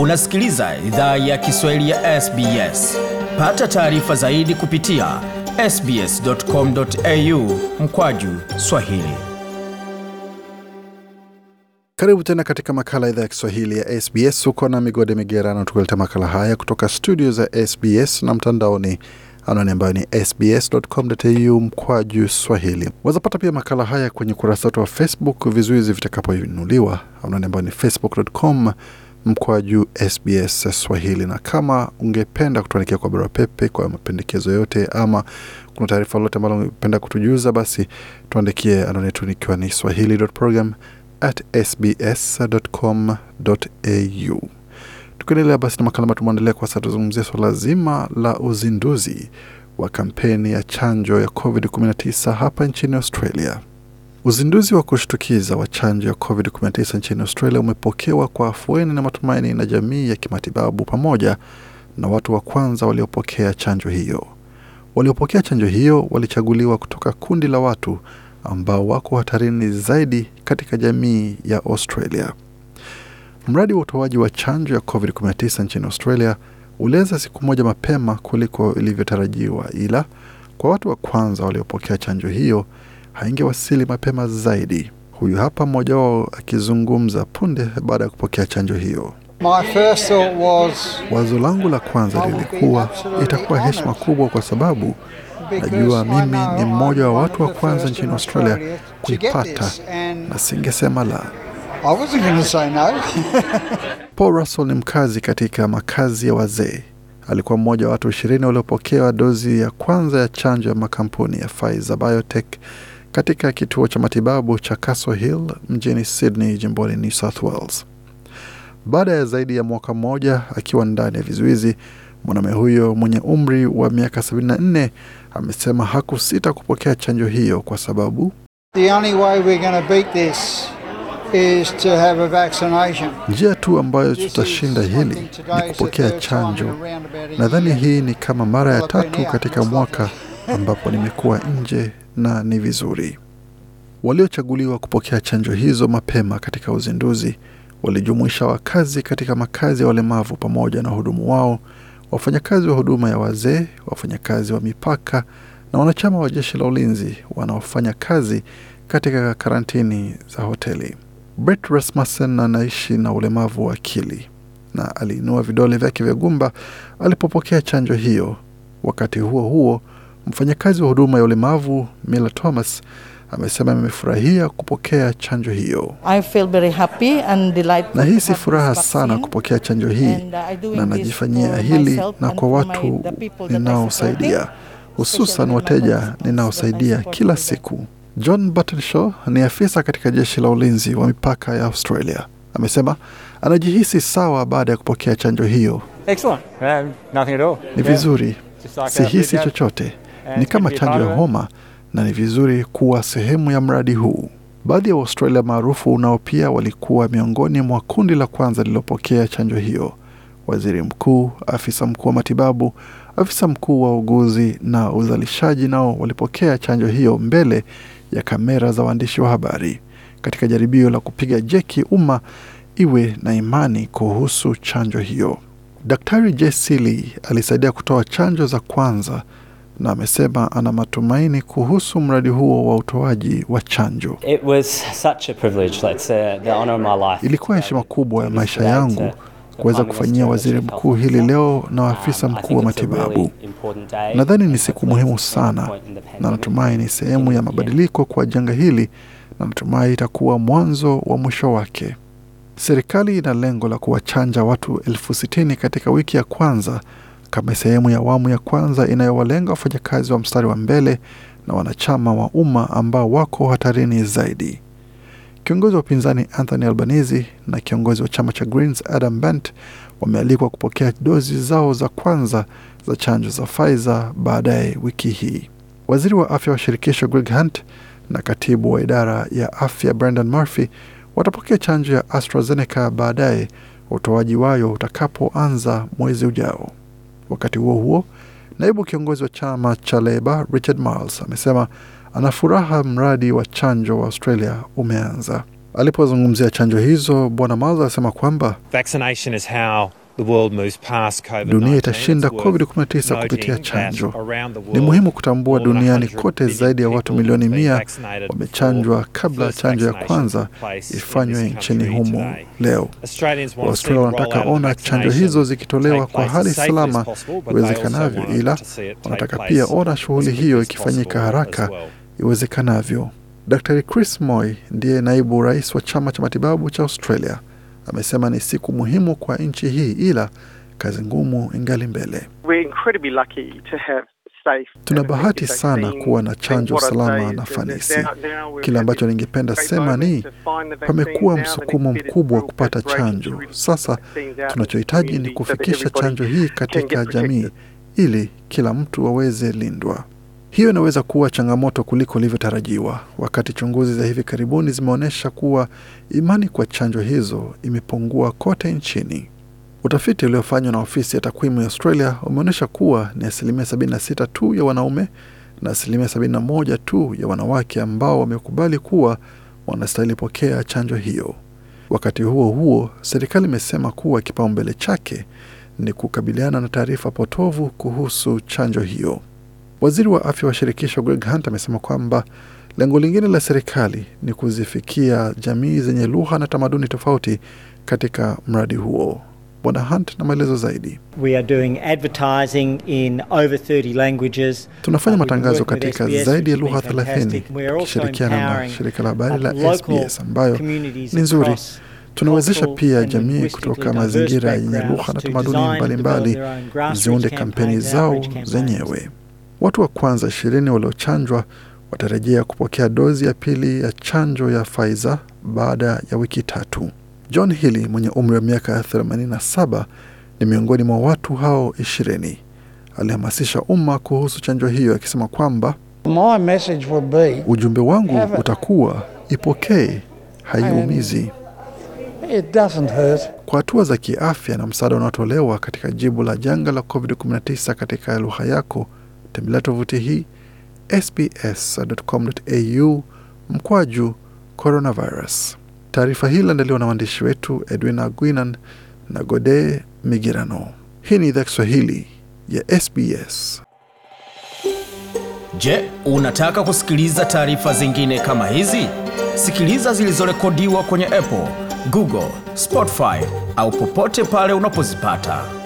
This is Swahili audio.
Unasikiliza idhaa ya Kiswahili ya SBS. Pata taarifa zaidi kupitia sbs.com.au mkwaju swahili. Karibu tena katika makala idhaa ya Kiswahili ya SBS. huko na Migode Migerano tukuleta makala haya kutoka studio za SBS na mtandaoni anwani ambayo ni sbs.com.au mkwaju swahili. Wazapata pia makala haya kwenye ukurasa wetu wa Facebook vizuizi vitakapoinuliwa, anwani ambayo ni facebook.com mkoa juu SBS Swahili. Na kama ungependa kutuandikia kwa barua pepe kwa mapendekezo yote, ama kuna taarifa lolote ambalo ungependa kutujuza, basi tuandikie anwani yetu nikiwa ni swahili.program@sbs.com.au. Tukiendelea basi na makala ambayo tumeandalia kwa sasa, tuzungumzia so zima la uzinduzi wa kampeni ya chanjo ya COVID-19 hapa nchini Australia. Uzinduzi wa kushtukiza wa chanjo ya COVID-19 nchini Australia umepokewa kwa afueni na matumaini na jamii ya kimatibabu pamoja na watu wa kwanza waliopokea chanjo hiyo. Waliopokea chanjo hiyo walichaguliwa kutoka kundi la watu ambao wako hatarini zaidi katika jamii ya Australia. Mradi wa utoaji wa chanjo ya COVID-19 nchini Australia ulianza siku moja mapema kuliko ilivyotarajiwa, ila kwa watu wa kwanza waliopokea chanjo hiyo haingewasili mapema zaidi. Huyu hapa mmoja wao akizungumza punde baada ya kupokea chanjo hiyo. wazo langu la kwanza lilikuwa itakuwa heshima kubwa, kwa sababu najua mimi ni mmoja wa watu wa kwanza nchini Australia kuipata, na singesema la. Paul Russell ni mkazi katika makazi ya wazee. Alikuwa mmoja wa watu ishirini waliopokewa dozi ya kwanza ya chanjo ya makampuni ya Pfizer Biotech katika kituo cha matibabu cha Castle Hill mjini Sydney, jimboni New South Wales. Baada ya zaidi ya mwaka mmoja akiwa ndani ya vizuizi, mwanaume huyo mwenye umri wa miaka 74 amesema hakusita kupokea chanjo hiyo kwa sababu njia tu ambayo tutashinda hili ni kupokea chanjo. Nadhani hii ni kama mara ya tatu katika mwaka ambapo nimekuwa nje na ni vizuri. Waliochaguliwa kupokea chanjo hizo mapema katika uzinduzi walijumuisha wakazi katika makazi ya walemavu pamoja na wahudumu wao, wafanyakazi wa huduma ya wazee, wafanyakazi wa mipaka na wanachama wa jeshi la ulinzi wanaofanya kazi katika karantini za hoteli. Brett Rasmussen anaishi na ulemavu wa akili na aliinua vidole vyake vya gumba alipopokea chanjo hiyo. Wakati huo huo, Mfanyakazi wa huduma ya ulemavu Mila Thomas amesema amefurahia kupokea chanjo hiyo. Nahisi furaha sana kupokea chanjo hii uh, na najifanyia hili na kwa watu ninaosaidia, hususan wateja ninaosaidia kila siku. John Buttonshaw ni afisa katika jeshi la ulinzi wa mipaka ya Australia. Amesema anajihisi sawa baada ya kupokea chanjo hiyo. Uh, ni vizuri, sihisi chochote Eh, ni kama chanjo ya homa na ni vizuri kuwa sehemu ya mradi huu. Baadhi ya Waustralia maarufu nao pia walikuwa miongoni mwa kundi la kwanza lililopokea chanjo hiyo. Waziri mkuu, afisa mkuu wa matibabu, afisa mkuu wa uguzi na uzalishaji nao walipokea chanjo hiyo mbele ya kamera za waandishi wa habari katika jaribio la kupiga jeki umma iwe na imani kuhusu chanjo hiyo. Daktari jesili alisaidia kutoa chanjo za kwanza na amesema ana matumaini kuhusu mradi huo wa utoaji wa chanjo. Ilikuwa heshima kubwa ya maisha yangu uh, kuweza kufanyia waziri mkuu hili leo na afisa um, mkuu wa matibabu. Nadhani ni siku muhimu sana, na natumai ni sehemu ya mabadiliko kwa janga hili, na natumai itakuwa mwanzo wa mwisho wake. Serikali ina lengo la kuwachanja watu elfu sitini katika wiki ya kwanza kama sehemu ya awamu ya kwanza inayowalenga wafanyakazi wa mstari wa mbele na wanachama wa umma ambao wako hatarini zaidi. Kiongozi wa upinzani Anthony Albanese na kiongozi wa chama cha Greens Adam Bent wamealikwa kupokea dozi zao za kwanza za chanjo za Pfizer baadaye wiki hii. Waziri wa afya wa shirikisho Greg Hunt na katibu wa idara ya afya Brendan Murphy watapokea chanjo ya AstraZeneca baadaye, utoaji wayo utakapoanza mwezi ujao. Wakati huo huo, naibu kiongozi wa chama cha Leba Richard Marles amesema anafuraha mradi wa chanjo wa Australia umeanza. Alipozungumzia chanjo hizo, Bwana Marles alisema kwamba Dunia itashinda COVID-19 kupitia chanjo. Ni muhimu kutambua duniani kote zaidi ya watu milioni mia wamechanjwa kabla chanjo ya kwanza ifanywe nchini humo leo. Waustralia wanataka ona chanjo hizo zikitolewa kwa hali salama iwezekanavyo, ila wanataka pia ona shughuli hiyo ikifanyika haraka iwezekanavyo. dr Chris Moy ndiye naibu rais wa chama cha matibabu cha Australia amesema ni siku muhimu kwa nchi hii, ila kazi ngumu ingali mbele. Tuna bahati sana kuwa na chanjo salama na fanisi. Kile ambacho ningependa sema ni pamekuwa msukumo mkubwa wa kupata chanjo. Sasa tunachohitaji ni kufikisha chanjo hii katika jamii ili kila mtu aweze lindwa. Hiyo inaweza kuwa changamoto kuliko ilivyotarajiwa, wakati chunguzi za hivi karibuni zimeonyesha kuwa imani kwa chanjo hizo imepungua kote nchini. Utafiti uliofanywa na ofisi ya takwimu ya Australia umeonyesha kuwa ni asilimia 76 tu ya wanaume na asilimia 71 tu ya wanawake ambao wamekubali kuwa wanastahili pokea chanjo hiyo. Wakati huo huo, serikali imesema kuwa kipaumbele chake ni kukabiliana na taarifa potovu kuhusu chanjo hiyo. Waziri wa afya wa shirikisho Greg Hunt amesema kwamba lengo lingine la serikali ni kuzifikia jamii zenye lugha na tamaduni tofauti katika mradi huo. Bwana Hunt na maelezo zaidi. We are doing advertising in over 30 languages. Tunafanya uh, matangazo katika SBS, zaidi ya lugha 30 tukishirikiana na shirika la habari uh, la SBS ambayo ni nzuri. Tunawezesha pia jamii kutoka mazingira yenye lugha na tamaduni mbalimbali ziunde kampeni zao zenyewe. Watu wa kwanza ishirini waliochanjwa watarejea kupokea dozi ya pili ya chanjo ya Pfizer baada ya wiki tatu. John Healy mwenye umri wa miaka 87 ni miongoni mwa watu hao ishirini. Alihamasisha umma kuhusu chanjo hiyo akisema kwamba ujumbe wangu utakuwa ipokee, haiumizi kwa hatua za kiafya na msaada unaotolewa katika jibu la janga la COVID-19 katika lugha yako tembelea tovuti hii sbs.com.au mkwaju coronavirus. Taarifa hii iliandaliwa na waandishi wetu Edwin aguinan na Gode Migirano. Hii ni idhaa Kiswahili ya SBS. Je, unataka kusikiliza taarifa zingine kama hizi? Sikiliza zilizorekodiwa kwenye Apple, Google, Spotify au popote pale unapozipata.